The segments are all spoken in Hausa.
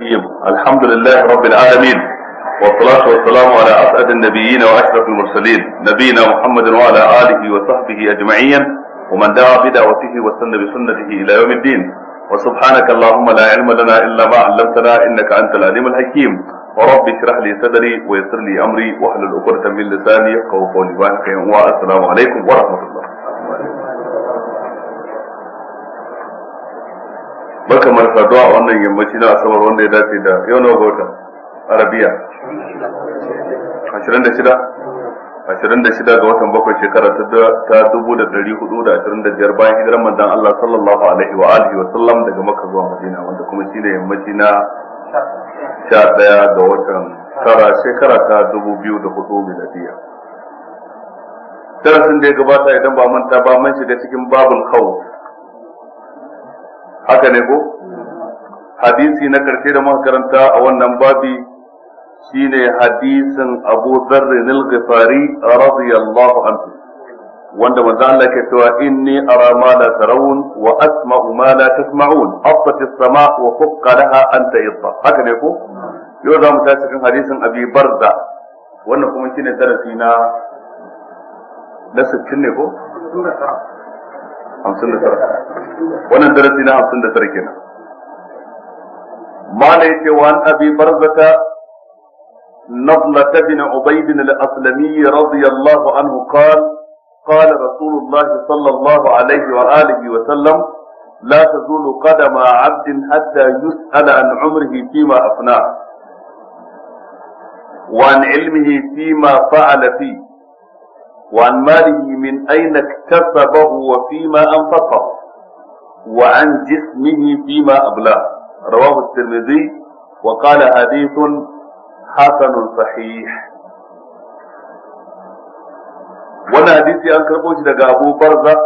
طيب الحمد لله رب العالمين والصلاة والسلام على أسعد النبيين وأشرف المرسلين نبينا محمد وعلى آله وصحبه أجمعين ومن دعا بدعوته وسن بسنته إلى يوم الدين وسبحانك اللهم لا علم لنا إلا ما علمتنا إنك أنت العليم الحكيم ورب اشرح لي صدري ويسر لي أمري واحلل عقدة من لساني يفقهوا قولي والسلام عليكم ورحمة الله baka mar saduwa a wannan yammaci na asabar wanda ya dace da yau nawa ga wata arabiya 26 26 ga watan bakwai shekara ta dubu da dari hudu da ashirin da biyar bayan hijiran manzon Allah sallallahu alaihi wa alihi wa sallam daga Makka zuwa Madina wanda kuma shine yammaci na sha ɗaya ga watan tara shekara ta dubu biyu da hudu miladiya. Darasin da ya gabata idan ba manta ba man shiga cikin babul kawo haka ne ko hadisi na karshe da muka karanta a wannan babi shine hadisin Abu Dharr al-Ghifari radiyallahu anhu wanda manzo Allah ke cewa inni ara ma la tarawun wa asma'u ma la tasma'un afat as-sama wa faqqa laha an tayidda haka ne ko yau za mu tashi cikin hadisin Abi Barza wannan kuma shine darasi na na 60 ne ko hamsin da tara wannan darasi na hamsin da tara kenan mala yace wa an abi barzata نضلة بن عبيد الأسلمي رضي الله عنه قال قال رسول الله صلى الله عليه وآله وسلم لا تزول قدم عبد حتى يسأل عن عمره فيما أفناه وعن علمه فيما فعل فيه وعن ماله من أين اكتسبه وفيما أنفقه وعن جسمه فيما أبلاه رواه الترمذي وقال حديث حسن صحيح وانا حديثي أن كربوش أبو برزة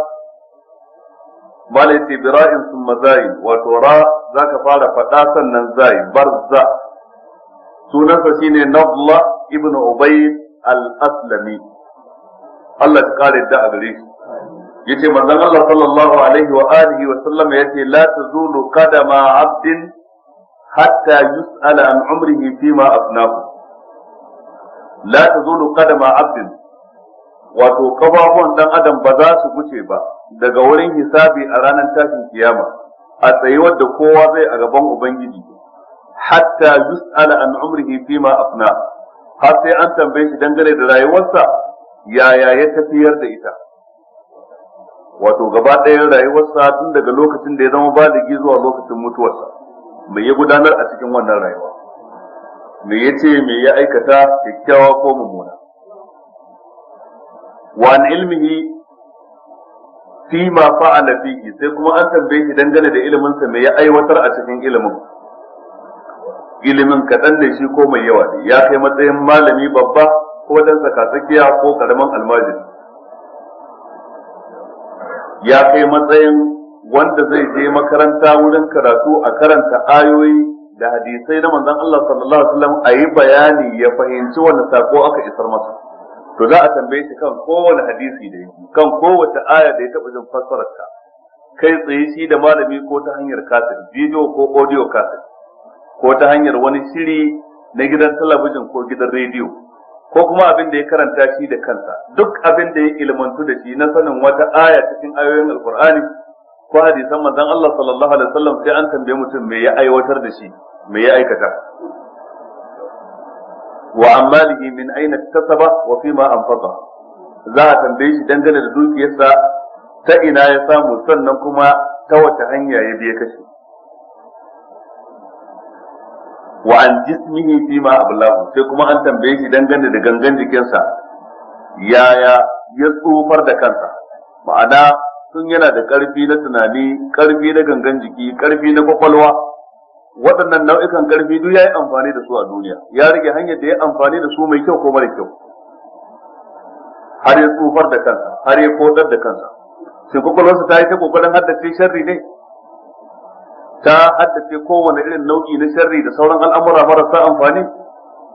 مالتي برائم ثم زاين وتراء ذاك فعل فتاة ننزاين برزة سنة نظلة ابن عبيد الأسلمي Allah ya kare da a gare shi yace manzon Allah sallallahu alaihi wa alihi wa sallam yace la tazulu qadama abdin hatta yus'ala an umrihi fima afnahu la tazulu qadama abdin wato kafafuwan dan adam ba za su guce ba daga wurin hisabi a ranar tashin kiyama a tsayuwar da kowa zai a gaban ubangiji hatta yus'ala an umrihi fima afna har sai an tambaye shi dangane da rayuwarsa yaya ya tafiyar da ita wato gaba ɗayan rayuwarsa tun daga lokacin da ya zama baligi zuwa lokacin mutuwarsa me ya gudanar a cikin wannan rayuwa me ya ce me ya aikata kyakkyawa ko mummuna wa ilmihi fi ma fa'ala fihi sai kuma an tambaye shi dangane da iliminsa mai ya aiwatar a cikin ilimin ilimin kaɗan da shi ko mai yawa ya kai matsayin malami babba ko wajen tsakatsakiya ko karamin almajiri ya kai matsayin wanda zai je makaranta wurin karatu a karanta ayoyi da hadisai na manzon Allah sallallahu alaihi wasallam a yi bayani ya fahimci wani sako aka isar masa to za a tambaye shi kan kowane hadisi da yake kan kowace aya da ya taba jin fassararta kai tsaye shi da malami ko ta hanyar kaset bidiyo ko audio kaset ko ta hanyar wani shiri na gidan talabijin ko gidan rediyo ko kuma abin da ya karanta shi da kansa duk abin da ya ilmantu da shi na sanin wata aya cikin ayoyin alkur'ani ko hadisan manzon Allah sallallahu alaihi wasallam sai an tambaye mutum me ya aiwatar da shi me ya aikata wa amalihi min aina tasaba wa fima anfaqa za a tambaye shi dangane da dukiyarsa ta ina ya samu sannan kuma ta wata hanya ya biye kashi wa an jismihi fi ma ablahu sai kuma an tambaye shi dangane da gangan jikinsa yaya ya tsufar da kansa ma'ana sun yana da karfi na tunani karfi na gangan jiki karfi na kwakwalwa waɗannan nau'ikan karfi duk ya yi amfani da su a duniya ya rage hanyar da ya amfani da su mai kyau ko mara kyau har ya tsufar da kansa har ya kodar da kansa sai kwakwalwarsa ta yi ta kokarin haddace sharri ne ta haddace kowane irin nau'i na sharri da sauran al'amura marasa amfani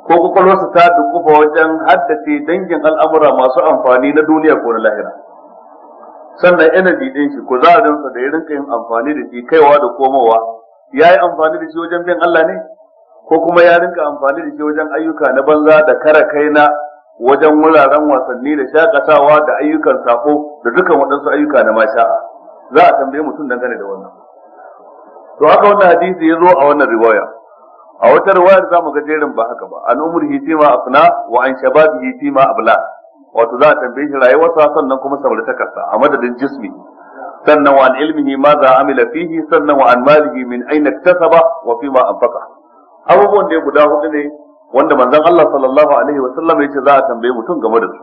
ko kwakwalwarsa ta dukufa wajen haddace dangin al'amura masu amfani na duniya ko na lahira sannan energy din shi a da ya rinka yin amfani da shi kaiwa da komowa ya yi amfani da shi wajen bin Allah ne ko kuma ya rinka amfani da shi wajen ayyuka na banza da kara kaina wajen wuraren wasanni da shakatawa da ayyukan sako da dukan waɗansu ayyuka na masha'a za a tambaye mutum dangane da wannan to haka wannan hadisi ya zo a wannan riwaya a wata riwayar zamu ga jerin ba haka ba an umur hitima ma afna wa an shabab hitima ma abla wato za a tambaye shi rayuwarsa sannan kuma samartakarsa a madadin jismi sannan wa an ilmihi ma za amila fihi sannan wa an malihi min aina iktasaba wa fi ma anfaqa abubuwan da guda hudu ne wanda manzon Allah sallallahu alaihi wa sallam yace za a tambaye mutum game da su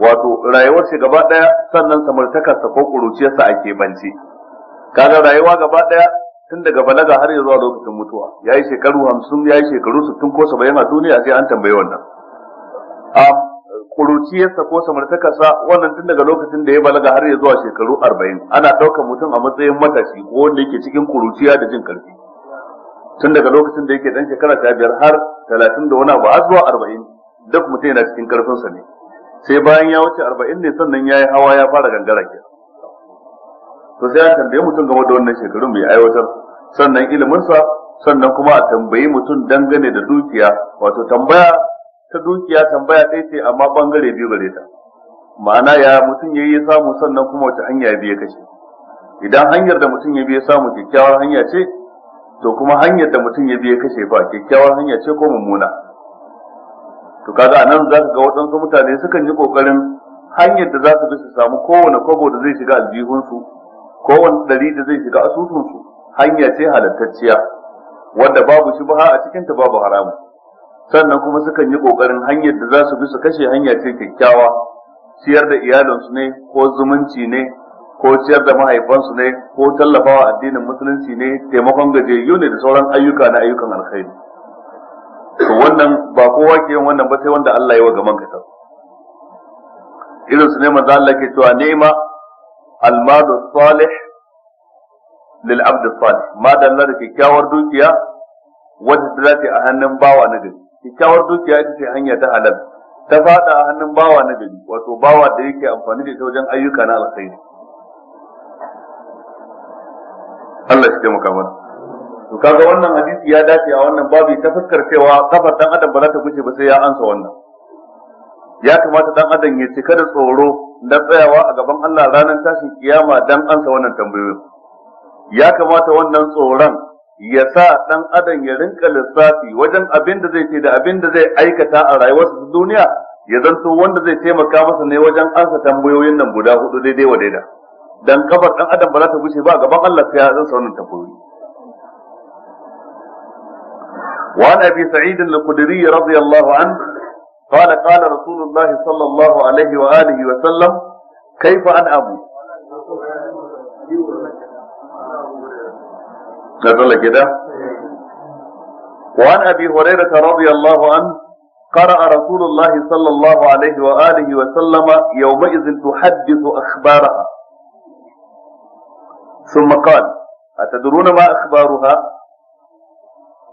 wato rayuwar shi gaba daya sannan samartakarsa ko kuruciyarsa ake bance. kaga rayuwa gaba daya tun daga balaga har zuwa lokacin mutuwa ya yi shekaru hamsin ya yi shekaru sittin ko saba'in a duniya sai an tambayi wannan a kuruciyarsa ko samartakarsa wannan tun daga lokacin da ya balaga har ya zuwa shekaru arba'in ana ɗaukar mutum a matsayin matashi ko wanda yake cikin kuruciya da jin karfi tun daga lokacin da yake dan shekara ta biyar har talatin da wani abu har zuwa arba'in duk mutum yana cikin karfinsa ne sai bayan ya wuce arba'in ne sannan ya yi hawa ya fara gangara kenan to sai an tambaye mutum game da wannan shekarun mai aiwatar sannan iliminsa sannan kuma a tambayi mutum dangane da dukiya wato tambaya ta dukiya tambaya ɗaya ce amma bangare biyu gare ta ma'ana ya mutum ya yi samu sannan kuma wata hanya biya kashe idan hanyar da mutum ya biya samu kyakkyawar hanya ce to kuma hanyar da mutum ya biya kashe ba kyakkyawar hanya ce ko mummuna to kaga anan za ka ga waɗansu mutane sukan yi ƙoƙarin hanyar da za su bi su samu kowane kwabo da zai shiga aljihunsu kowane ɗari da zai shiga asusunsu hanya ce halattacciya wanda babu shi ba a cikinta babu haramu sannan kuma sukan yi ƙoƙarin hanyar da za su bi su kashe hanya ce kyakkyawa ciyar da iyalinsu ne ko zumunci ne ko ciyar da mahaifansu ne ko tallafawa addinin musulunci ne taimakon gajiyayyu ne da sauran ayyuka na ayyukan alkhairi to wannan ba kowa ke yin wannan ba sai wanda Allah ya wa gaman ka irin su ne manzo Allah ke cewa nema المال الصالح للعبد الصالح ما دل da kyakkyawar dukiya wadda za ta a hannun bawa na gari kyakkyawar dukiya ita ce hanya ta halal ta fada a hannun bawa na gari wato bawa da yake amfani da to kaga wannan hadisi ya dace a wannan babu ta fuskar cewa kafar dan adam ba za ta gushe ba sai ya ansa wannan ya kamata dan adam ya cika da tsoro na tsayawa a gaban Allah ranar tashin kiyama dan ansa wannan tambayoyin ya kamata wannan tsoron ya sa dan adam ya rinka lissafi wajen abin da zai ce da abin da zai aikata a rayuwarsa duniya ya zanto wanda zai taimaka masa ne wajen ansa tambayoyin nan guda hudu daidai wa daida dan kafar dan adam ba za ta gushe ba a gaban Allah sai ya ansa wannan tambayoyi wa an abi sa'id al-khudri radiyallahu anhu قال قال رسول الله صلى الله عليه وآله وسلم كيف أن أبو نزل كده وعن أبي هريرة رضي الله عنه قرأ رسول الله صلى الله عليه وآله وسلم يومئذ تحدث أخبارها ثم قال أتدرون ما أخبارها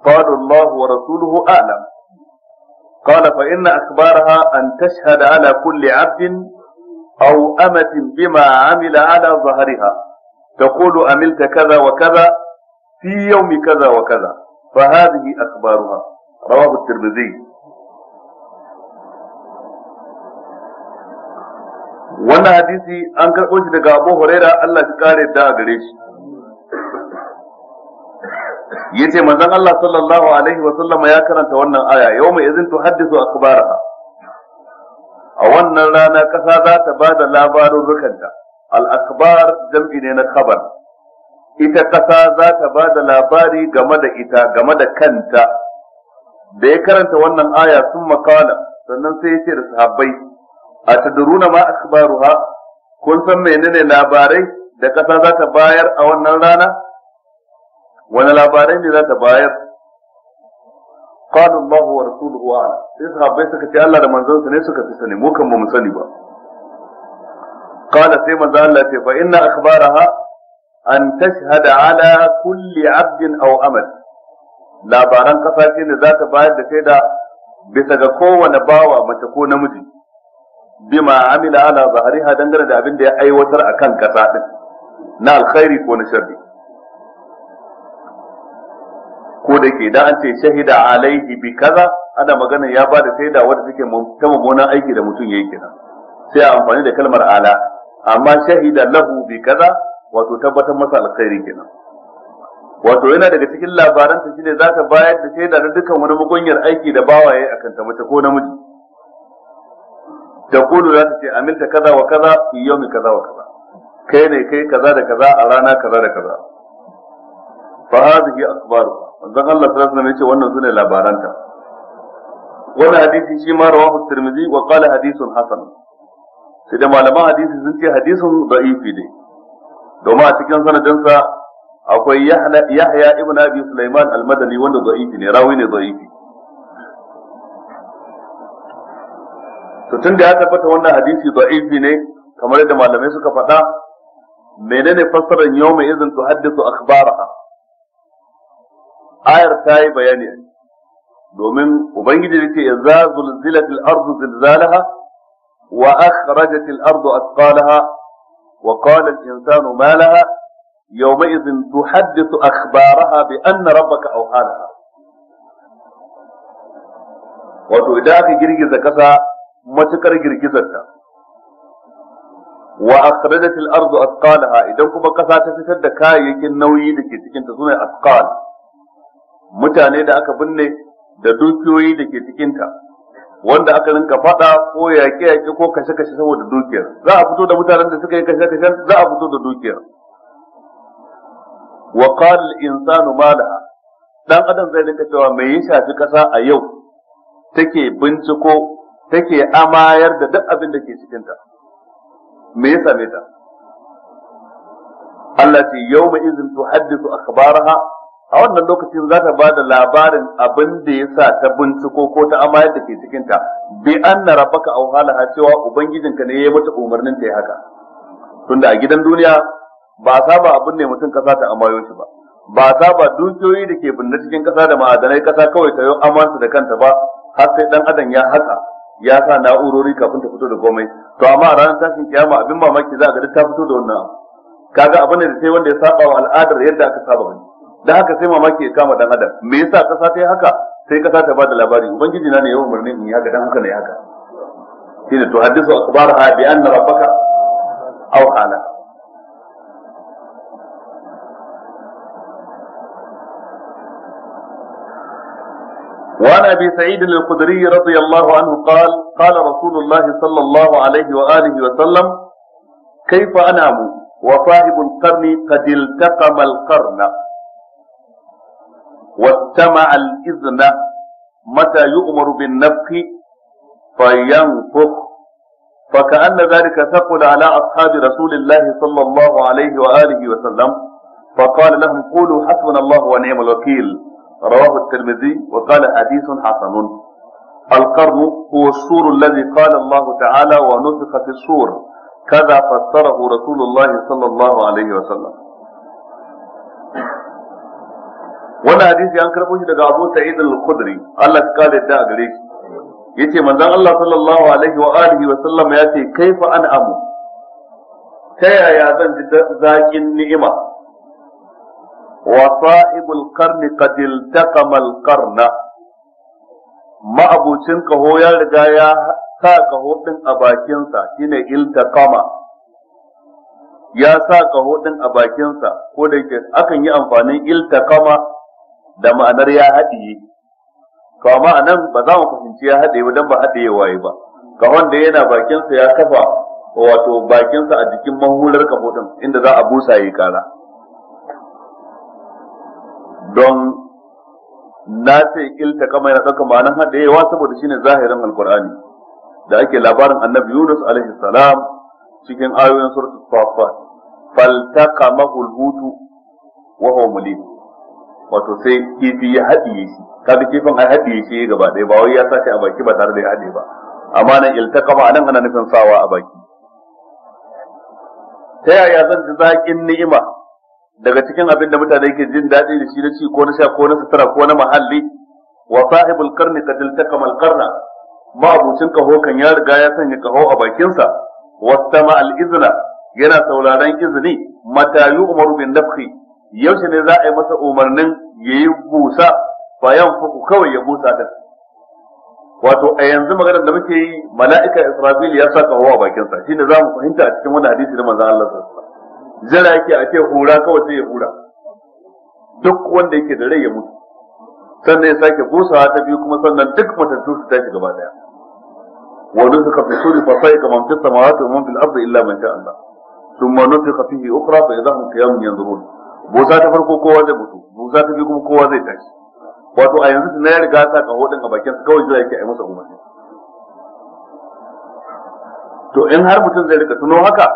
قالوا الله ورسوله أعلم قال فإن أخبارها أن تشهد على كل عبد أو أمة بما عمل على ظهرها تقول عملت كذا وكذا في يوم كذا وكذا فهذه أخبارها رواه الترمذي wannan hadisi an karɓo shi daga Abu Huraira Allah shi kare da gare shi yace manzon Allah sallallahu alaihi wa sallama ya karanta wannan aya yawma idhin tuhaddisu akbaraha a wannan rana kasa za ta ba da labarin rukanta al akbar jam'i ne na khabar ita kasa za ta ba da labari game da ita game da kanta da ya karanta wannan aya sun makala sannan sai yace da sahabbai a tadruna ma akbaruha kun san menene labarai da kasa za ta bayar a wannan rana wani labarai ne za ta bayar qala Allah wa rasuluhu a'lam sai sahabbai suka ce Allah da manzon sa ne suka fi sani mu kan mu sani ba qala sai manzo Allah ce fa inna akhbaraha an tashhada ala kulli 'abdin aw amal labaran kasa ce ne za ta bayar da shaida bisa ga kowane bawa mace ko namiji bima amila ala zahriha dangane da abin da ya aiwatar akan kasa din na alkhairi ko na sharri idan an ce shahida alaihi bi kaza ana magana ya ba da shaida wadda take ta mummunan aiki da mutum yi kenan sai a amfani da kalmar ala amma shahida lahu bi kaza wato tabbatar masa alkhairi kenan wato yana daga cikin labaran ta shine za bayar da shaida na dukkan wani mugunyar aiki da bawaye akan ta mace ko namiji taqulu za ta ce amilta kaza wa kaza fi yawmi kaza wa kaza kai ne kai kaza da kaza a rana kaza da kaza fa hadhihi akhbaru manzon Allah sallallahu alaihi wasallam yace wannan sune labaranta wannan hadisi shi ma rawahu tirmidhi wa qala hadithun hasan malaman hadisi sun ce hadisin da'ifi ne domin a cikin sanadinsa akwai yahya ibn abi sulaiman al wanda ne tun da ya tabbata wannan hadisi da'ifi ne kamar yadda malamai suka faɗa menene fassarar yawma idan tuhaddisu akhbaraha ayar ta yi bayani domin ubangiji da ce zulzilat al-ard zilzalaha wa akhrajat al-ard athqalaha wa qala al insan ma laha yawma يومئذ تحدث أخبارها بأن ربك أوحى لها wato idan aka girgiza kasa matukar girgizarta wa akhrajat al-ard athqalaha idan kuma kasa ta fitar da kayayyakin nauyi da ke cikin ta sunan athqal mutane da aka binne da dukiyoyi da ke cikinta wanda aka rinka faɗa ko yaƙe-yaƙe ko kashe-kashe saboda dukiyar za a fito da mutanen da suka yi kashe kashe za a fito da dukiyar wa qala al-insanu ma ɗan dan adam zai rinka cewa me ya shafi ƙasa a yau take binciko take amayar da duk abin da ke cikinta me ya same ta Allah ce yawma izin tuhaddithu akhbaraha a wannan lokacin za ta ba da labarin abin da ya sa ta binciko ko ta amaya da ke cikinta bi an na rabaka au halaha cewa ubangijinka ne ya yi mata umarnin ta yi haka tunda a gidan duniya ba saba abin ne mutum kasa ta amayo shi ba ba saba dukiyoyi da ke binne cikin kasa da ma'adanai kasa kawai ta yi amansa da kanta ba har sai dan adam ya haka ya sa na'urori kafin ta fito da komai to amma a ranar tashin kiyama abin mamaki za a ga ta fito da wannan kaga abin da sai wanda ya saba wa al'adar yadda aka saba bane da haka sai mamaki ya kama dan adam me yasa kasa ta yi haka sai kasa ta bada labari ubangiji na ne yawan murnin in yi haka dan haka ne haka shine to hadisu akbar ha bi anna rabbaka aw qala وعن ابي سعيد الخدري رضي الله عنه قال قال رسول الله صلى الله عليه واله وسلم كيف انام وصاحب القرن قد التقم القرن واستمع الإذن متى يؤمر بالنفخ فينفخ فكأن ذلك ثقل على أصحاب رسول الله صلى الله عليه وآله وسلم فقال لهم قولوا حسبنا الله ونعم الوكيل رواه الترمذي وقال حديث حسن القرن هو السور الذي قال الله تعالى ونفخ في السور كذا فسره رسول الله صلى الله عليه وسلم wannan hadisi an karbo shi daga Abu Sa'id al-Khudri Allah ya kare da gare shi yace manzon Allah sallallahu alaihi wa alihi wa sallam ya ce kaifa an amu ta yaya zan ji zakin ni'ima wa sa'ibul qarni qad iltaqama al-qarna ma'abucin kaho ya riga ya sa kaho din a bakinsa shine iltaqama ya sa kaho din a bakinsa ko da yake akan yi amfanin iltakama da ma'anar ya haɗiye to amma nan ba za mu fahimci ya haɗe ba don ba haɗe waye ba ga wanda yana bakinsa ya kafa wato bakinsa a jikin mahular kafofin inda za a busa yi kara don na ce ilta kama yana ɗauka ma'anar haɗewa saboda shine zahirin alkur'ani da ake labarin annabi yunus alaihi cikin ayoyin surat safat faltaqamahu alhutu wa wato sai kifi ya haɗiye shi kaga kifin a haɗiye shi gaba ɗaya ba wai ya sa a baki ba tare da ya haɗe ba amma nan iltaqama anan ana nufin sawa a baki ta yaya zan ji zaƙin ni'ima daga cikin abin da mutane ke jin daɗi da shi na ci ko na sha ko na sutura ko na muhalli wa sahibul qarni qad iltaqama al qarna ma'abucin kaho kan ya riga ya sanya kaho a bakinsa sama al izna yana sauraron izini mata yu'maru bin nafhi yaushe ne za a yi masa umarnin ya yi busa bayan fuku kawai ya busa din wato a yanzu maganar da muke yi mala'ika Israfil ya saka hawa bakinsa, shi ne za mu fahimta a cikin wani hadisi na manzon Allah sallallahu alaihi wasallam jira yake a ce hura kawai sai ya hura duk wanda yake da rai ya mutu sannan ya sake busawa ta biyu kuma sannan duk matattu su tashi gaba daya wa nufiqa fi suri fa sai kaman fi samawati wa man fil ardi illa man sha Allah thumma nufiqa fihi ukhra fa idha hum qiyamun yanzurun Musa ta farko kowa zai mutu Musa ta biyu kuma kowa zai tashi wato a yanzu na ya riga saka kaho din a bakin su kawai jira yake a masa umarni to in har mutum zai rika tuno haka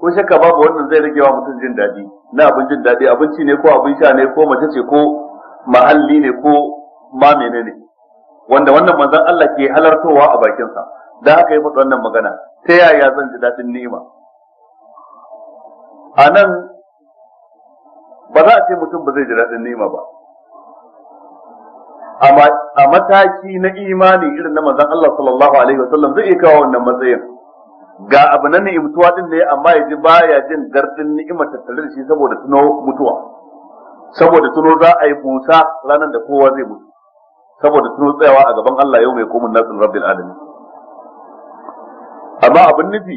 ko shakka babu wannan zai rage wa mutum jin daɗi na abin jin daɗi abinci ne ko abin sha ne ko mace ce ko mahalli ne ko ma menene wanda wannan manzon Allah ke halartowa a bakinsa, sa da haka yi faɗi wannan magana ta yaya zan ji daɗin ni'ima a nan ba za a ce mutum ba zai ji daɗin nema ba a mataki na imani irin na manzon Allah sallallahu alaihi wasallam zai iya kawo wannan matsayin ga abu na ni'imtuwa din ne amma ya ji baya jin gardin ni'imar tattare da shi saboda tuno mutuwa saboda tuno za a yi busa ranar da kowa zai mutu saboda tuno tsayawa a gaban Allah yau mai komun nasin rabbil alamin amma abin nufi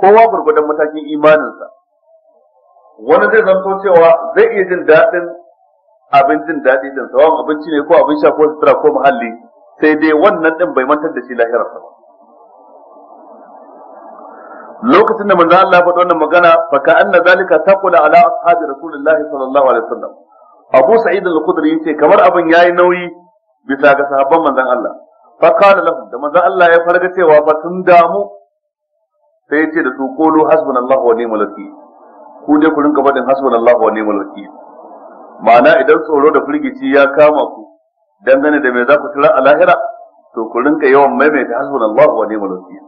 kowa gurgudan matakin imaninsa wani zai zanto cewa zai iya jin daɗin abin jin daɗi din sawan abinci ne ko abin sha ko sutura ko muhalli sai dai wannan din bai mantar da shi lahirarsa ba lokacin da manzo Allah ya faɗi wannan magana fa ka anna zalika taqula ala ashabi rasulullah sallallahu alaihi wasallam Abu Sa'id al-Khudri yace kamar abin yayi nauyi bisa ga sahabban manzon Allah fa qala lahum da manzan Allah ya farga cewa ba sun damu sai yace da su qulu hasbunallahu wa ni'mal wakeel ku dai ku rinka faɗin hasbunallahu wa ni'mal wakil ma'ana idan tsoro da firgici ya kama ku dangane da me za ku tura a lahira to ku rinka yawan maimaita hasbunallahu wa ni'mal wakil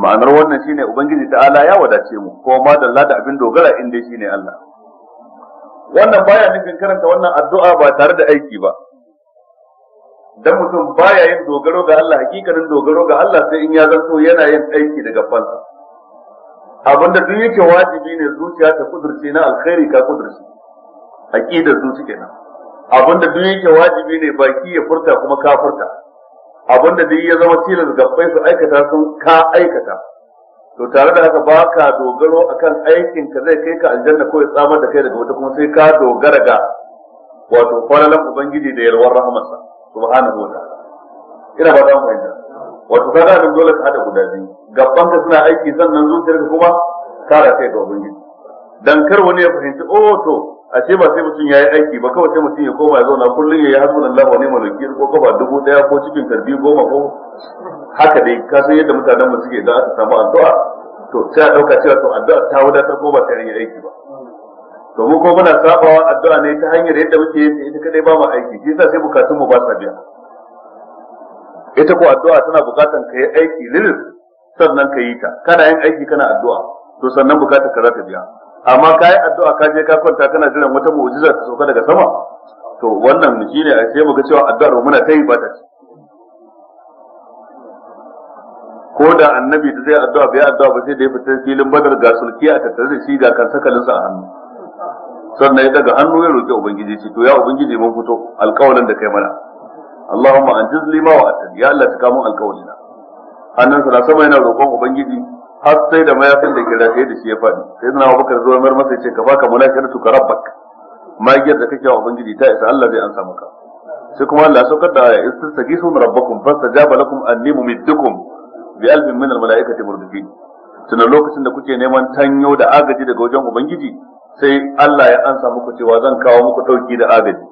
ma'anar wannan shine ubangiji ta'ala ya wadace mu ko ma dalla da abin dogara in dai shine Allah wannan baya nufin karanta wannan addu'a ba tare da aiki ba dan mutum baya yin dogaro ga Allah hakikanin dogaro ga Allah sai in ya zanto yana yin aiki daga fansa abinda duk yake wajibi ne zuciya ta kudurce na alkhairi ka kudurce aqida zuci kenan abinda duk yake wajibi ne baki ya furta kuma ka furta abinda duk ya zama tilas gabbai su aikata sun ka aikata to tare da haka baka dogaro akan aikin ka zai kai ka aljanna ko ya tsamar da kai daga wata kuma sai ka dogara ga wato kwalalan ubangiji da yalwar rahamarsa subhanahu wa ta'ala ina ba za mu fahimta wato kada nan dole ka hada guda biyu gaban ka suna aiki sannan zuciyar ka kuma kara kai ga ubangiji dan kar wani ya fahimci oh to a ce ba sai mutum yayi aiki ba kawai sai mutum ya koma ya zauna kullun yayi hasbunallahu wa ni'mal wakil ko ba, dubu daya ko cikin karbi goma ko haka dai ka san yadda mutanen mu suke da aka samu addu'a to sai a dauka cewa to addu'a ta wadatar ko ba ta yi aiki ba to mu ko muna sabawa addu'a ne ta hanyar yadda muke yin ita kadai ba mu aiki shi yasa sai bukatun mu ba sa biya ita ko addu'a tana bukatan ka yi aiki lilis sannan ka yi ta kana yin aiki kana addu'a to sannan bukatar ka za ta biya amma ka yi addu'a ka je ka kwanta kana jiran wata mu'jiza ta sauka daga sama to wannan ne a ce muka cewa addu'ar mu muna ta yi ba ta ci ko da annabi da zai addu'a bai addu'a ba sai da ya fita filin badar ga sulki a tattare da shi ga kan sakalinsa a hannu sannan ya daga hannu ya roƙi ubangiji ce to ya ubangiji mun fito alƙawalin da kai mana Allahumma anjiz lima wa atani ya Allah ta kamo alƙawalina hannunsa na sama yana roƙon ubangiji har sai da mayafin da ke sai da shi ya faɗi sai na abubakar zuwa masa ya ce ka baka mulakar su ka rabbak magiyar da kake wa ubangiji ta isa Allah zai ansa maka sai kuma Allah saukar da aya istastagisun rabbakum fastajaba lakum anni mumiddukum bi alfin min almalaikati murdifin tunan lokacin da kuke neman tanyo da agaji daga wajen ubangiji sai Allah ya ansa muku cewa zan kawo muku dauki da agaji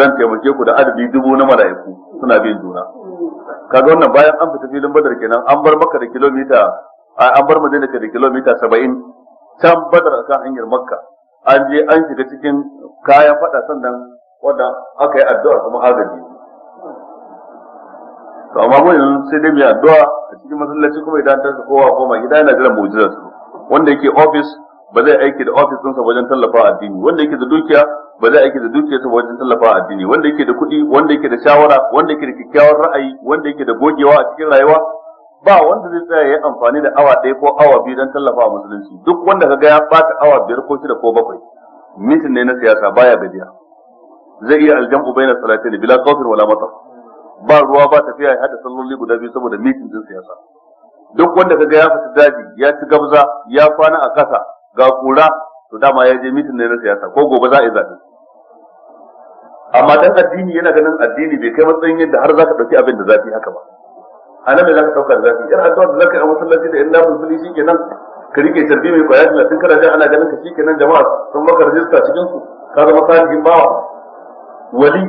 zan taimake ku da adadi dubu na mala'iku suna bin juna kaga wannan bayan an fita filin badar kenan an bar maka da kilomita an bar madina da kilomita saba'in can badar a kan hanyar makka an je an shiga cikin kayan fada sannan wanda aka yi addu'a kuma agaji to amma mu yanzu sai dai mu addu'a a cikin masallaci kuma idan ta kowa koma gida yana jiran mu'jizar su wanda yake office ba zai aiki da office ɗinsa wajen tallafa addini wanda yake da dukiya ba zai aiki da dukiya ba wajen tallafa addini wanda yake da kuɗi wanda yake da shawara wanda yake da kyakkyawar ra'ayi wanda yake da gogewa a cikin rayuwa ba wanda zai tsaya ya amfani da awa ɗaya ko awa biyu don tallafa wa musulunci duk wanda kaga ya bata awa biyar ko shida ko bakwai mitin ne na siyasa baya gajiya zai iya aljam'u bayna salatin bila khawfin wala matar ba ruwa ba tafiya ya hada salloli guda biyu saboda mitin din siyasa duk wanda kaga ya fita daji ya ci gabza ya kwana a kasa ga kura to dama ya je mitin ne na siyasa ko gobe za a yi zaɓe amma dan addini yana ganin addini bai kai matsayin yadda har zaka dauki abin da zafi haka ba ana me zaka dauka zafi yar addu'a da zaka yi a masallaci da inna fulfuli shikenan ka rike tarbi mai kwaya tun kana jin ana ganin ka shikenan jama'a sun maka rajista cikin su ka zama sahibin bawa wali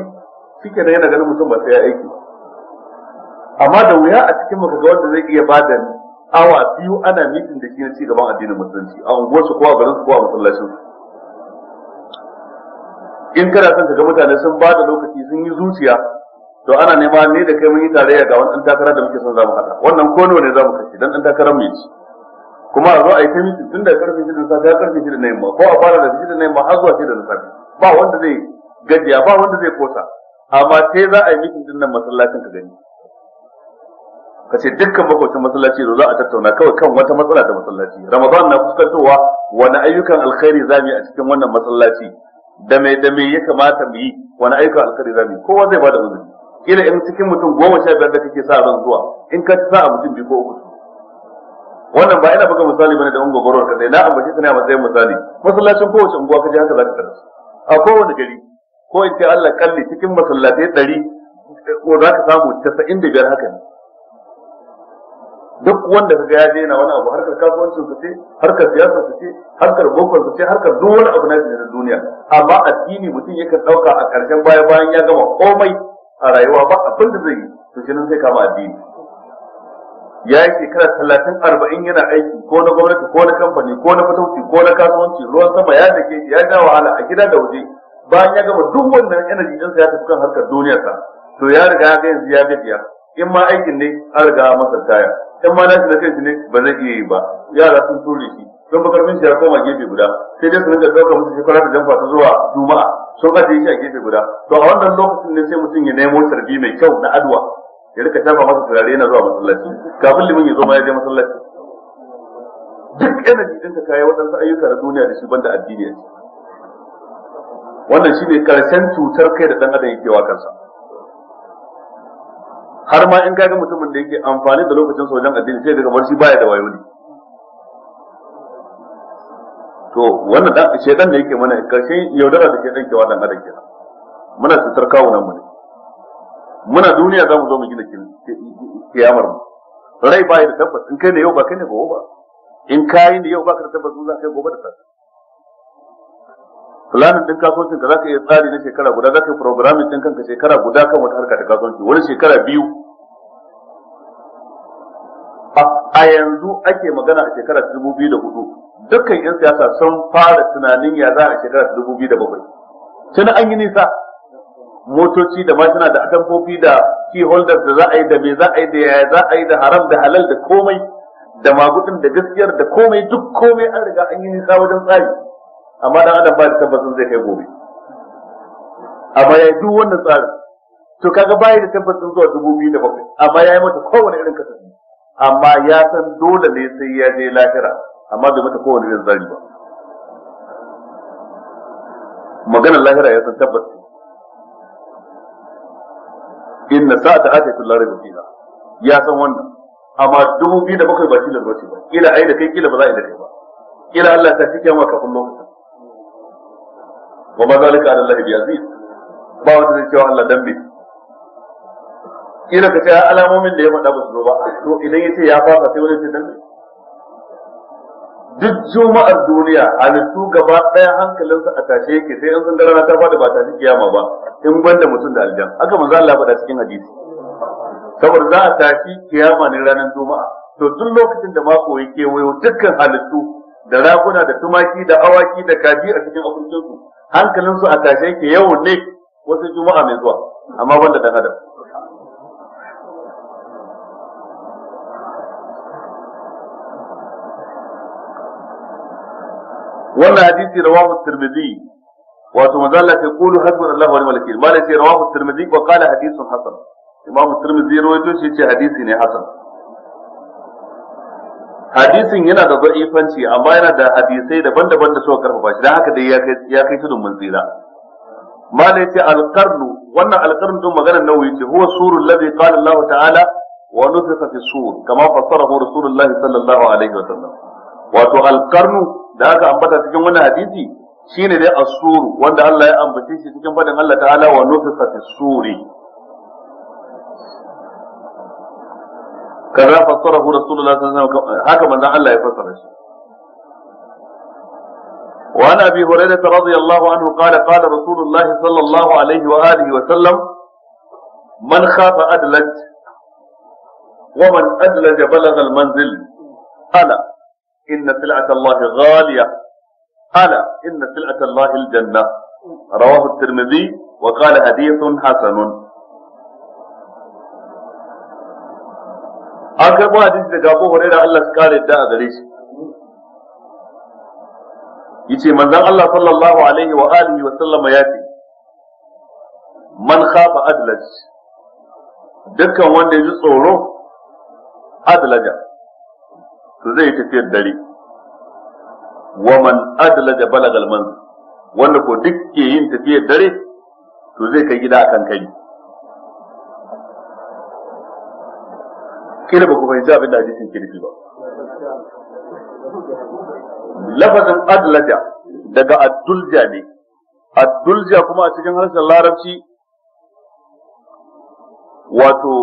shikenan yana ganin mutum ba sai ya aiki amma da wuya a cikin mu ga wanda zai iya bada awa biyu ana mitin da shi na cigaban addinin musulunci a unguwarsu ko a garinsu ko a masallacinsu in kana son ka ga mutane sun ba da lokaci sun yi zuciya to ana nema ne da kai mun yi tarayya ga wani ɗan takara da muke son za mu haɗa wannan ko wani ne za mu kashe dan ɗan takarar mu yi kuma a zo a yi ta miki tun da karfe shida na safe karfe shida na yamma ko a fara da shida na yamma har zuwa shida na safe ba wanda zai gajiya ba wanda zai kosa amma sai za a yi mitin din nan masallacin ka gani ka ce dukkan makwacin masallaci da za a tattauna kawai kan wata matsala ta masallaci ramadan na fuskantowa wani ayyukan alkhairi za mu yi a cikin wannan masallaci da mai da mai ya kamata mu yi wani aika alkhairi zamu yi kowa zai bada uzuri kila in cikin mutum goma sha biyar da kake sa ran zuwa in ka sa a mutum biyu ko uku wannan ba ina buga misali bane da ungogoro ka dai na ambace ta ne a matsayin misali masallacin kowace unguwa kaje haka zaka tarasa a kowane gari ko in ce Allah kalli cikin masallatai ɗari ko za ka samu casa'in da biyar haka ne duk wanda kaga ya daina wani abu harkar kasuwancin su ce harkar siyasar su ce harkar bokon su ce harkar duk wani abu na na duniya amma addini mutum yakan dauka a karshen baya bayan ya gama komai a rayuwa ba abin da zai yi to shi sai kama addini ya yi shekara talatin arba'in yana aiki ko na gwamnati ko na kamfani ko na fatauci ko na kasuwanci ruwan sama ya dake ya ja wahala a gida da waje bayan ya gama duk wannan energy sa ya tafi kan harkar duniyarsa to ya riga ga yanzu ya gajiya in ma aikin ne an riga masa taya dan ma nashi kai shi ne ba zai iya yi ba yara sun tore shi don ba karfin shi ya koma gefe guda sai dai su rinka ɗauka musu shekara da jamfa ta zuwa juma'a sun ka shi a gefe guda to a wannan lokacin ne sai mutum ya nemo sarbi mai kyau na adwa ya rika shafa masa turare yana zuwa masallaci kafin limin ya zo ma ya je masallaci duk energy din ka kai waɗansu ayyuka na duniya da shi banda addini wannan ne karshen cutar kai da ɗan adam yake wa kansa har ma in kaga mutumin da yake amfani da lokacin sojan addini sai daga barci baya da wayo ne to wannan dan shedan ne yake mana karshe yaudara da ke dan kewa dan adam kenan muna cutar kawunan mu ne muna duniya za mu zo mu gina kiyamar mu rai bai da tabbas in kai ne yau ba kai ne gobe ba in kai ne yau ba ka da tabbas za kai gobe da tabbas Fulanin din kasuwancin ka zaka iya tsari na shekara guda zaka yi programming din kanka shekara guda kan wata harka ta kasuwanci wani shekara biyu a yanzu ake magana a shekara dubu biyu da hudu dukkan yan siyasa sun fara tunanin ya za a shekara dubu biyu da bakwai tun an yi nisa motoci da mashina da atamfofi da key holders da za a yi da me za a yi da yaya za a yi da haram da halal da komai da magudin da gaskiyar da komai duk komai an riga an yi nisa wajen tsari amma dan adam ba shi tabbacin zai kai gobe amma yayi duk wannan tsarin to kaga bai da tabbacin zuwa dubu biyu da bakwai amma yayi mata kowane irin kasafi amma ya san dole ne sai ya je lahira amma bai mata kowane irin zari ba maganar lahira ya san tabbas inna sa'ata atatu la rayba fiha ya san wannan amma dubu biyu da bakwai ba tilas bace ba kila ai da kai kila ba za a yi da kai ba kila Allah ta cike maka kafin lokaci wa ma zalika ala Allah biyazi ba wanda zai cewa Allah dambe. kila ka cewa alamomin da ya faɗa ba su zo ba to idan ce ya fasa sai wani ce dambe? duk juma'ar duniya halittu gaba ɗaya hankalinsa a tashe yake sai in sun ga rana ta faɗi ba ta ci kiyama ba in banda mutum da aljan haka manzo Allah faɗa cikin hadisi saboda za a tashi kiyama ne ranar juma'a to duk lokacin da mako ya kewayo dukkan halittu da raguna da tumaki da awaki da kaji a cikin abincin hankalinsu a tashe yake yau ne wasu juma'a mai zuwa amma wanda dan adam wannan hadisi rawahu tirmidhi wato manzo Allah ya kulu hasbuna Allah wa ni'mal wakeel malai sai rawahu tirmidhi wa qala hadithun hasan imamu tirmidhi rawaito shi ce hadisi ne hasan hadisin yana da za'ifanci amma yana da hadisai daban-daban da suka karfafa shi dan haka dai ya kai ya kai tudun mun tsira malai ce alqarnu wannan alqarnu din magana nawawi ce huwa surul ladhi qala Allah ta'ala wa nufiqa fi sur kama fassarahu rasulullahi sallallahu alaihi wa sallam wato alqarnu da aka ambata cikin wannan hadisi shine dai as-sur wanda Allah ya ambace shi cikin fadin Allah ta'ala wa nufiqa fi suri kaza رسول الله صلى الله عليه وسلم هكذا Allah ya fassara shi وعن ابي هريره رضي الله عنه قال قال رسول الله صلى الله عليه واله وسلم من خاف ادلج ومن ادلج بلغ المنزل الا ان سلعه الله غاليه الا ان سلعه الله الجنه رواه الترمذي وقال حديث حسن an karɓo hadisi daga Abu Hurairah Allah ya kare da a gare shi yace manzon Allah sallallahu alaihi wa alihi wa sallama ya ce man khafa adlaj dukkan wanda ya ji tsoro adlaja to zai tafiyar dare wa man adlaja balagal manzil wanda ko duk ke yin tafiyar dare to zai kai gida akan kai kila ba ku fahimci abin da hadisin ke nufi ba lafazin adlaja daga addulja ne addulja kuma a cikin harshen larabci wato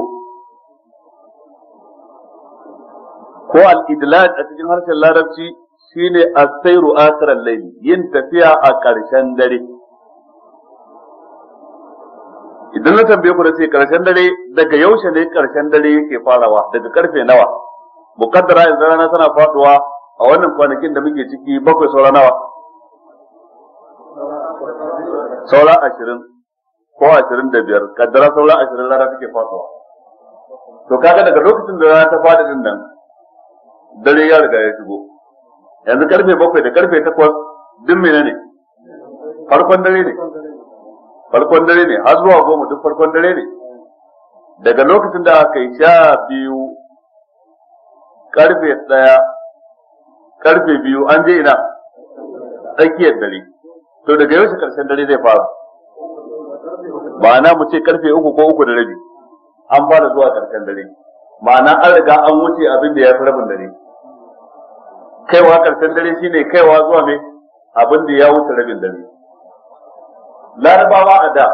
ko al-idlaj a cikin harshen larabci shine as-sayru akhiral layl yin tafiya a ƙarshen dare idan na tambaye ku da ce karshen dare daga yaushe ne karshen dare yake farawa daga karfe nawa muqaddara idan rana tana faduwa a wannan kwanakin da muke ciki bakwai saura nawa saura ashirin ko ashirin da biyar kaddara saura ashirin rana take faduwa to kaga daga lokacin da rana ta fada din nan dare ya riga ya shigo yanzu karfe bakwai da karfe takwas duk menene farkon dare ne farkon dare ne har zuwa goma duk farkon dare ne daga lokacin da aka yi sha biyu karfe ɗaya karfe biyu an je ina tsakiyar dare to daga yau shi karshen dare zai fara ma'ana mu ce karfe uku ko uku da rabi an fara zuwa karshen dare ma'ana an riga an wuce abin da ya fi rabin dare kaiwa karshen dare shine kaiwa zuwa mai abin da ya wuce rabin dare larabawa a da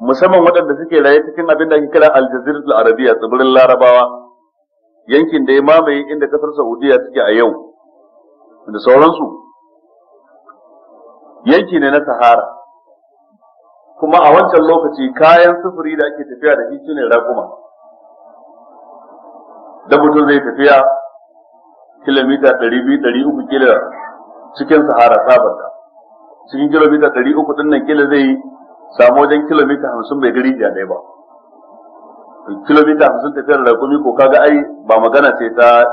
musamman waɗanda suke raye cikin abin da ake kira aljazirar arabiya tsibirin larabawa yankin da ya mamaye inda kasar saudiya suke a yau da sauransu yanki ne na sahara kuma a wancan lokaci kayan sufuri da ake tafiya da shi shine raguma da mutum zai tafiya kilomita ɗari biyu kila cikin sahara sabanta cikin kilomita ɗari uku ɗin nan kila zai samu wajen kilomita hamsin bai gari da ɗaya ba kilomita hamsin tafiyar da rakumi ko kaga ai ba magana ce ta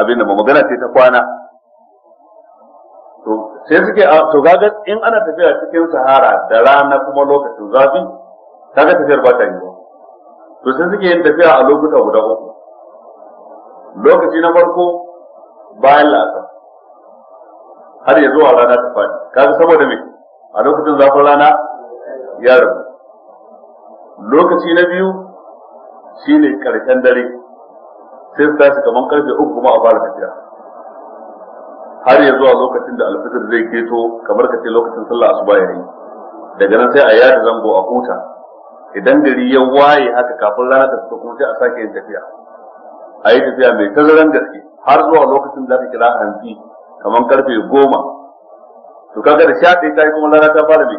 abin da ba magana ce ta kwana to sai suke a, to kaga in ana tafiya cikin sahara da rana kuma lokacin zafi kaga tafiyar ba ta yi ba to sai suke yin tafiya a lokuta guda uku lokaci na farko bayan la'asar har ya zuwa rana ta fadi kaga saboda me a lokacin zafin rana ya rabu lokaci na biyu shine karshen dare sai su tashi kamar karfe uku kuma a fara tafiya har ya zuwa lokacin da alfitar zai keto kamar ka ce lokacin sallah asuba yayi daga nan sai a yada zango a huta idan gari ya waye haka kafin rana ta fito kuma sai a sake yin tafiya a yi tafiya mai tazaran gaske har zuwa lokacin da aka kira hanzi. kamar karfe goma to kaga da sha ɗaya tashi kuma rana ta fara mai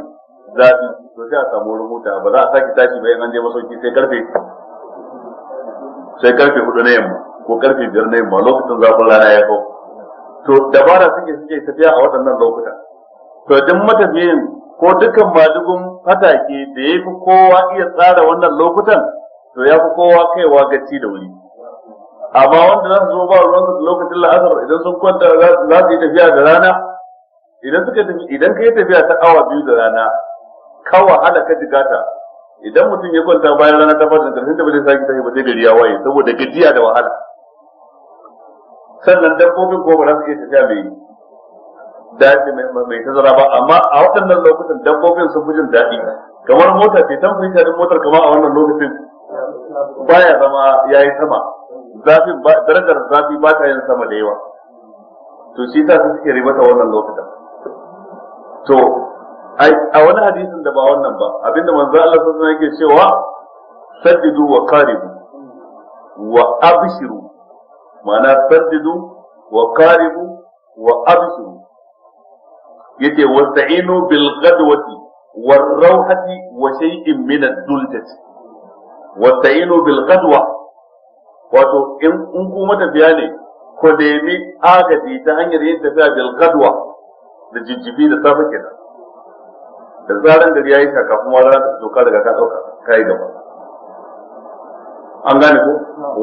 zafi to sai a samu rubuta ba za a sake tashi ba in an je masauki sai karfe sai karfe hudu na yamma ko karfe biyar na yamma lokacin zafin rana ya kau to dabara suke suke tafiya a waɗannan lokuta to duk matafiyin ko dukkan madugun fatake da ya fi kowa iya tsara wannan lokutan to ya fi kowa kaiwa gaci da wuri amma wanda za su zo ba ruwan lokacin la'asar idan sun kwanta za su yi tafiya da rana idan suka tafi idan ka yi tafiya ta awa biyu da rana ka wahala ka jigata idan mutum ya kwanta bayan rana ta fata karshen tafi zai sake tafi ba zai gari ya waye saboda gajiya da wahala sannan dabbobin ko ba za su iya tafiya mai daɗi mai tazara ba amma a waɗannan lokutan dabbobin sun fi jin daɗi kamar mota ce tan fi motar kamar a wannan lokacin baya zama ya yi sama zafin ba, darajar zafi ba ta yin sama da yawa to shi sa su suke ribata wannan lokutan to a wani hadisin da ba wannan ba abinda manzo Allah sun sanar yake cewa saddidu wa qaribu wa abshiru ma'ana saddidu wa qaribu wa abshiru yace wasta'inu bil ghadwati war rawhati wa shay'in min ad-dultati wasta'inu bil ghadwa wato in ku matafiya ne ku nemi agaji ta hanyar yin tafiya bil gadwa da jijjibi da safe kenan da zaran gari yayi shaka kafin rana ta doka daga ka dauka kai gaba an gane ko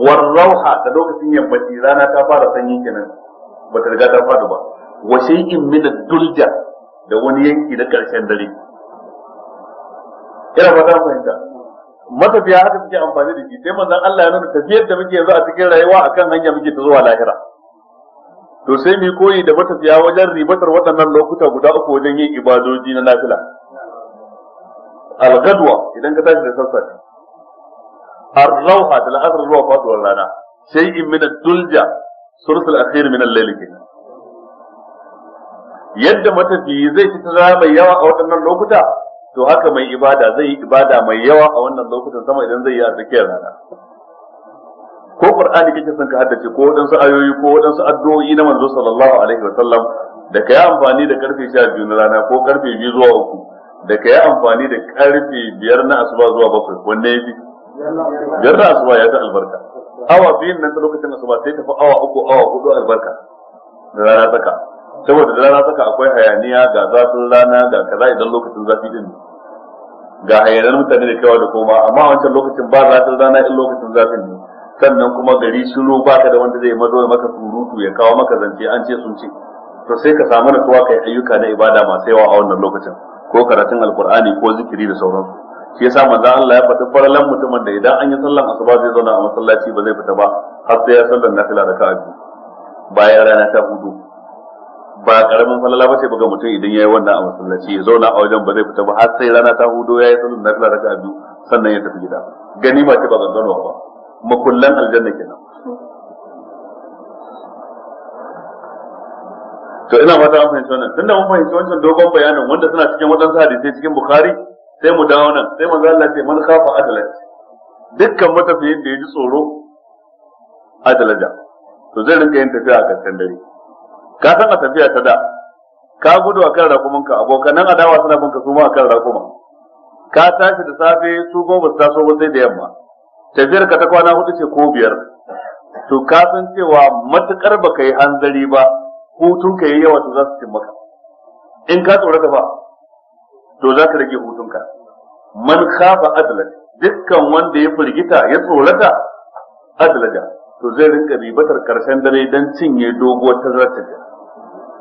war rauha da lokacin yammaci rana ta fara sanyi kenan ta riga ta fara ba wa shay'in min dulja da wani yanki na karshen dare ina fata fahimta matafiya haka suke amfani da shi sai manzon Allah ya nuna tafiyar da muke yanzu a cikin rayuwa akan hanya muke ta zuwa lahira to sai mu koyi da matafiya wajen ribatar waɗannan lokuta guda uku wajen yin ibadoji na lafila al-gadwa idan ka tashi da sassafe ar-rawha da al-asr zuwa faduwar rana shay'in min ad-dulja surat al-akhir min al-layl yadda matafiya zai ci ta mai yawa a waɗannan lokuta to haka mai ibada zai yi ibada mai yawa a wannan lokacin sama idan zai yi a tsakiyar rana ko qur'ani kike son ka haddace ko wadansu ayoyi ko wadansu addu'o'i na manzo sallallahu alaihi wasallam da kai amfani da karfe 12 na rana ko karfe 2 zuwa 3 da kai amfani da karfe 5 na asuba zuwa 7 wanne yafi biyar na asuba ya ta albarka awa biyun nan ta lokacin asuba sai ta fi awa uku awa hudu albarka da rana tsaka saboda da rana saka akwai hayaniya ga zafin rana ga kaza idan lokacin zafi din ga hayanan mutane da kaiwa da koma amma wancan lokacin ba zafin rana in lokacin zafin ne sannan kuma gari shiru ba ka da wanda zai mazo maka surutu ya kawo maka zance an ce sun ce to sai ka samu nutsuwa kai ayyuka na ibada masu yawa a wannan lokacin ko karatun alkur'ani ko zikiri da sauransu shi yasa manzo Allah ya fata farallan mutumin da idan an yi sallan asuba zai zauna a masallaci ba zai fita ba har sai ya sallan nafila da ka'abi bayan rana ta hudu ba karamin falala ba ce buga mutum idan yayi wannan a masallaci ya zauna a wajen ba zai fita ba har sai rana ta hudo yayi sallar nafila raka biyu sannan ya tafi gida Gani ma ce ba zanzanowa ba makullan aljanna kenan to ina fata an fahimci wannan tunda mun fahimci wancan dogon bayanin wanda suna cikin wadansu hadisai cikin bukhari sai mu dawo nan sai manzo Allah ce man khafa adalat dukkan matafiyin da ya ji tsoro adalaja to zai rinka yin tafiya a karshen dare ka san a tafiya ta da ka gudu a ka, abokan nan adawa suna binka su ma akan rakuma ka tashi da safe su goma su taso ba sai da yamma tafiyar ka ta kwana hudu ce ko biyar to ka san cewa matukar ba ka yi hanzari ba hutun ka yi yawa to za su cin maka in ka tsorata ba to za ka rage hutunka man kafa adlan dukkan wanda ya firgita ya tsorata adlaja to zai rinka ribatar karshen dare don cinye doguwar tazarar ta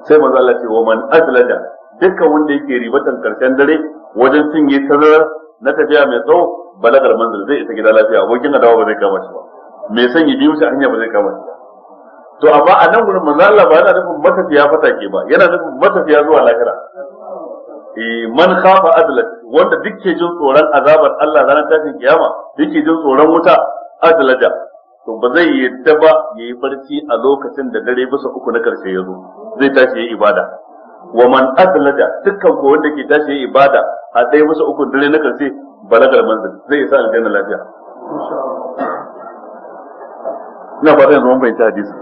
sai maza Allah ce wa man azlada dukkan wanda yake ribatar karshen dare wajen cinye tazarar na tafiya mai tsawo balagar manzil zai isa gida lafiya abokin adawa ba zai kama shi ba mai son yi biyu shi hanya ba zai kama shi ba to amma a nan gurin manzo Allah ba yana nufin matafiya fatake ba yana nufin matafiya zuwa lahira eh, man khafa adlat wanda duk ke jin tsoron azabar Allah ranar tashin kiyama duke jin tsoron wuta adlaja to ba zai yadda ba ya yi barci a lokacin da dare bisa uku na karshe ya zo zai tashi ya ibada wa man aslada dukkan ko wanda ke tashi ya ibada a ɗaya bisa uku dare na karshe balagar manzil zai isa aljanna lafiya ina fata yanzu mun fahimta hadisi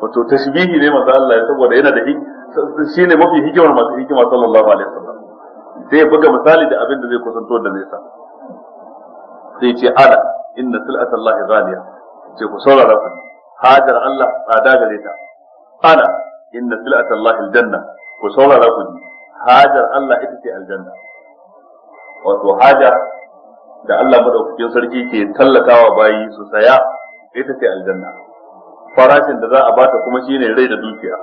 wato tashbihi ne manzo Allah saboda yana da shi, ne mafi hikimar masu hikima sallallahu alaihi wasallam sai buga misali da abin da zai kusanto da nesa sai ce ala inna sil'atallahi zaliya Sai ku saurara ku hajar Allah tsada gare ta ana inna sil'at Allah aljanna ku saurara ku hajar Allah ita ce aljanna wato hajar da Allah madaukakin sarki ke tallatawa bayi su saya ita ce aljanna farashin da za a bata kuma shine rai da dukiya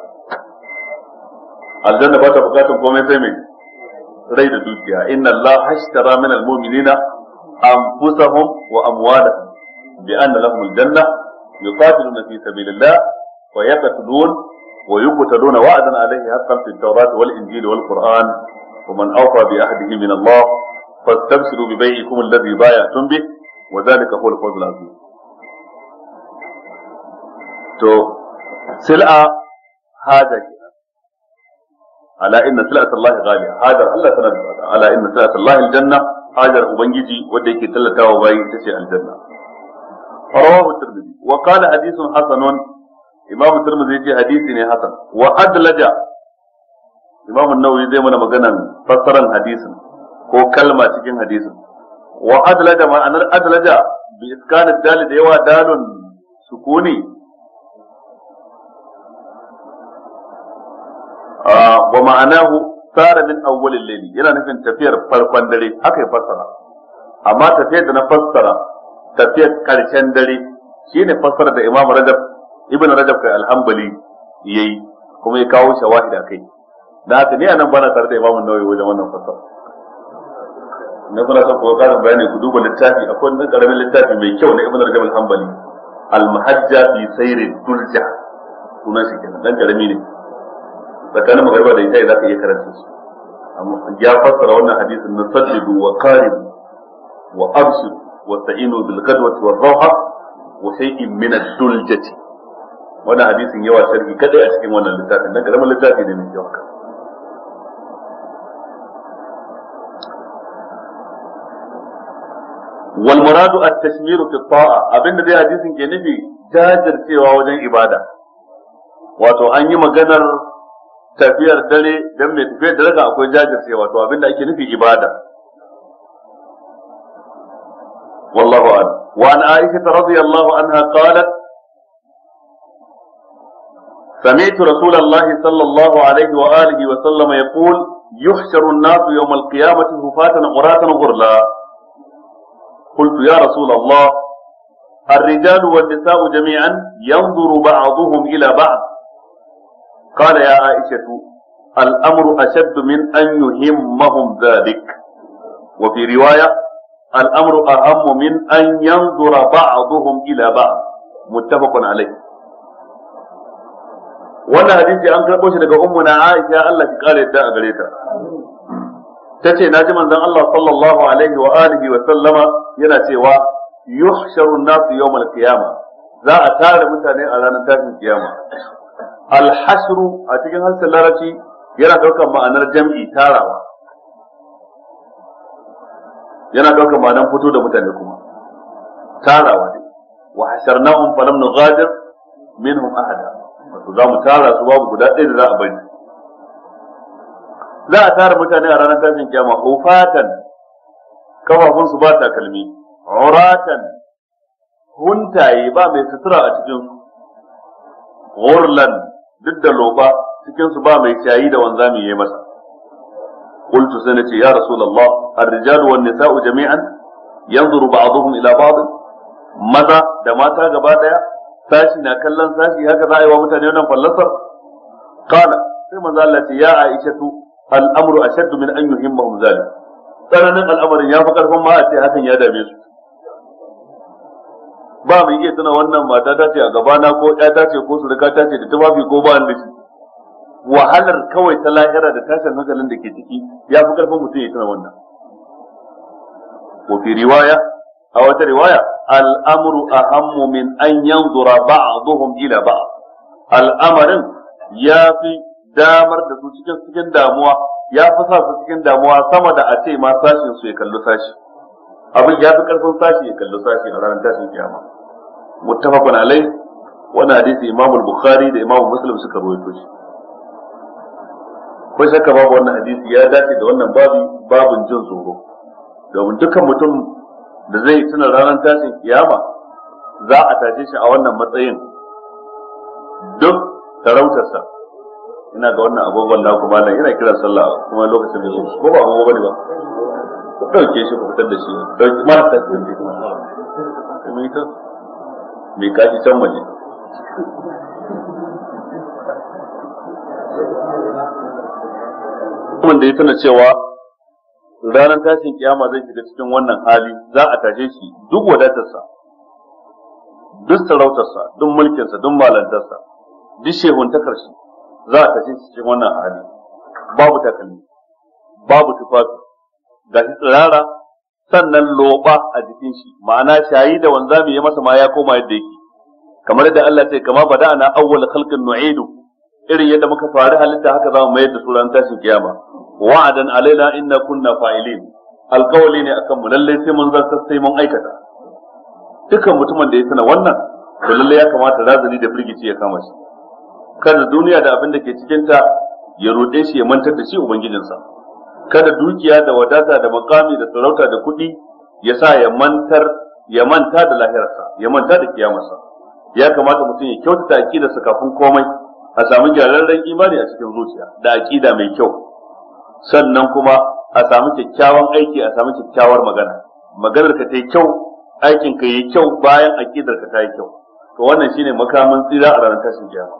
aljanna ba ta bukatun komai sai mai rai da dukiya inna Allah hashtara min almu'minina anfusahum wa amwalahum بأن لهم الجنة يقاتلون في سبيل الله ويقتلون ويقتلون وعدا عليه حقا في التوراة والإنجيل والقرآن ومن أوفى بأحده من الله فاستبشروا ببيعكم الذي بايعتم به وذلك هو الفوز العظيم. تو سلعة هذا على إن سلعة الله غالية هاجر الله على إن سلعة الله الجنة هذا أبنجي wanda yake tallatawa bayi الجنة rawahu tirmidhi wa qala hadithun hasanun imamu tirmidhi yace hadisi ne hasan wa adlaja imamu nawawi zai mana magana fassaran hadisin ko kalma cikin hadisin wa adlaja ma'anar adlaja bi iskan dal da yawa dalun sukuni wa ma'anahu sara min awwalil layli yana nufin tafiyar farkon dare haka ya fassara amma tafiyar da na fassara tafiyar karshen dare shine fassara da Imam Rajab Ibn Rajab kai alhambali yayi kuma ya kawo shawahida kai da haka ni anan bana tare da Imam Nawawi wajen wannan fassara na kuna son ko karin bayani ku duba littafi akwai wani karamin littafi mai kyau na Ibn Rajab al-Hanbali al-Muhajja fi Sayri Dulja kuma shi kenan dan karami ne tsakanin magariba da ita za ka iya karanta su ya fassara wannan hadisin na saddidu wa qarib wa absir wasta'inu bil qadwati war rawha wa shay'in min ad-duljati wannan hadisin yawa sharhi kadai a cikin wannan littafin dan karamin littafi ne mai yawa wal muradu at-tashmir fi ta'a abinda dai hadisin ke nufi jajircewa wajen ibada wato an yi maganar tafiyar dare dan mai tafiyar dare akwai jajircewa to abinda ake nufi ibada والله أعلم وعن عائشة رضي الله عنها قالت سمعت رسول الله صلى الله عليه وآله وسلم يقول يحشر الناس يوم القيامة هفاة عراة غرلا قلت يا رسول الله الرجال والنساء جميعا ينظر بعضهم إلى بعض قال يا عائشة الأمر أشد من أن يهمهم ذلك وفي رواية al'amru ahammu min an yanzura ba'dhum ila ba'd muttafaqun alai. wannan hadisi an karɓo shi daga ummu na Aisha Allah ki kare da a gare ta na ji manzon Allah sallallahu alaihi wa alihi wa sallama yana cewa yuhsharu nasu yawm al za a tare mutane a ranar tashin kiyama al a cikin harshen larabci yana daukar ma'anar jam'i tarawa yana ɗaukar ma'anar fito da mutane kuma tarawa ne wa hasharnahum falam nughadir minhum ahada wato za mu tara su babu guda ɗaya da za a bari za a tara mutane a ranar tashin kiyama hufatan kafafun su ba takalmi uratan huntaye ba mai sutura a cikin su gurlan duk da loba cikin su ba mai ciyayi da wanzami yayi masa qultu sai ce ya rasulullah ar-rijalu wan nisa'u jami'an yanzuru ba'dhum ila ba'd maza da mata gaba daya sashi na kallon sashi haka za a yi wa mutane wannan fallasar qala sai manzo Allah ce ya aishatu al-amru ashaddu min an tsananin al'amarin ya fi karfin ma a ce hakan ya dame su ba mai iya tuna wannan mata ta ce a gabana ko ya ta ce ko surika ta ce da tufafi ko ba ni da shi wahalar kawai ta lahira da tashin hankalin da ke ciki ya fi karfin mutum ya tuna wannan wa fi riwaya a wata riwaya al'amru ahammu min an yanzura ba'dhum ila ba'd al'amarin ya fi damar da su cikin cikin damuwa ya fi sa su cikin damuwa sama da a ce ma sashin su ya kallo sashi abin ya fi karfin sashi ya kallo sashi a ranar tashin kiyama muttafaqun alai wani hadisi imamul bukhari da imamul muslim suka rawaito shi ko shakka babu wannan hadisi ya dace da wannan babu babun jin tsoro domin dukkan mutum da zai tuna ranar tashin kiyama za a tashe shi a wannan matsayin duk sarautarsa ina ga wannan abubuwan da kuma nan ina kiran sallah kuma lokacin da zai ko ba abubuwa ne ba ku dauke shi ku fitar da shi dauki mara tashin da kuma mai ta mai kashi can waje mutumin da ya tana cewa ranar tashin kiyama zai shiga cikin wannan hali za a tashe shi duk wadatarsa duk sarautarsa duk mulkinsa duk malantarsa duk shehuntakar shi za a tashe shi cikin wannan hali babu takalmi babu tufafi ga shi tsirara sannan loba a jikin shi ma'ana shayi da wanzami ya masa ma ya koma yadda yake kamar yadda Allah ce kama bada'ana awwal khalqin nu'idu irin yadda muka fari halitta haka za mu mayar da suran tashin kiyama wa'adan alaina inna kunna fa'ilin alkawali ne akan mu lalle sai mun zarta sai mun aikata dukkan mutumin da ya sana wannan to lalle ya kamata razani da firgici ya kama shi kada duniya da abin da ke cikin ta ya rode shi ya mantar da shi ubangijinsa kada dukiya da wadata da makami da sarauta da kuɗi ya sa ya mantar ya manta da lahirarsa ya manta da kiyamarsa ya kamata mutum ya kyautata aƙidarsa kafin komai a samu gyararren imani a cikin zuciya da aƙida mai kyau sannan kuma a samu kyakkyawan aiki a samu kyakkyawar magana maganar ka ta yi kyau aikin ka yi kyau bayan aƙidar ka ta yi kyau to wannan shine makamin tsira a ranar tashin kiyama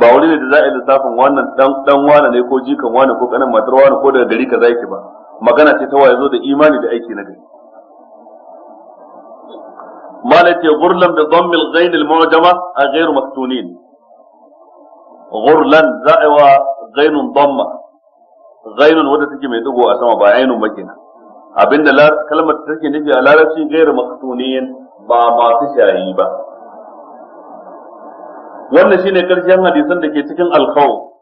ba wani ne da za a yi lissafin wannan dan dan wane ne ko jikan wane ko kanin matar wane ko daga gari ka zaki ba magana ce ta waye zo da imani da aiki na gari malati ghurlan bi dhammil ghain al mu'jama a ghairu maktunin ghurlan za'iwa ghainun dhamma ghainun wanda take mai dugo a sama ba ainun makina abinda kalmar take nufi a larabci ghairu maktunin ba masu shayi ba wannan shine karshen hadisan da ke cikin alkhaw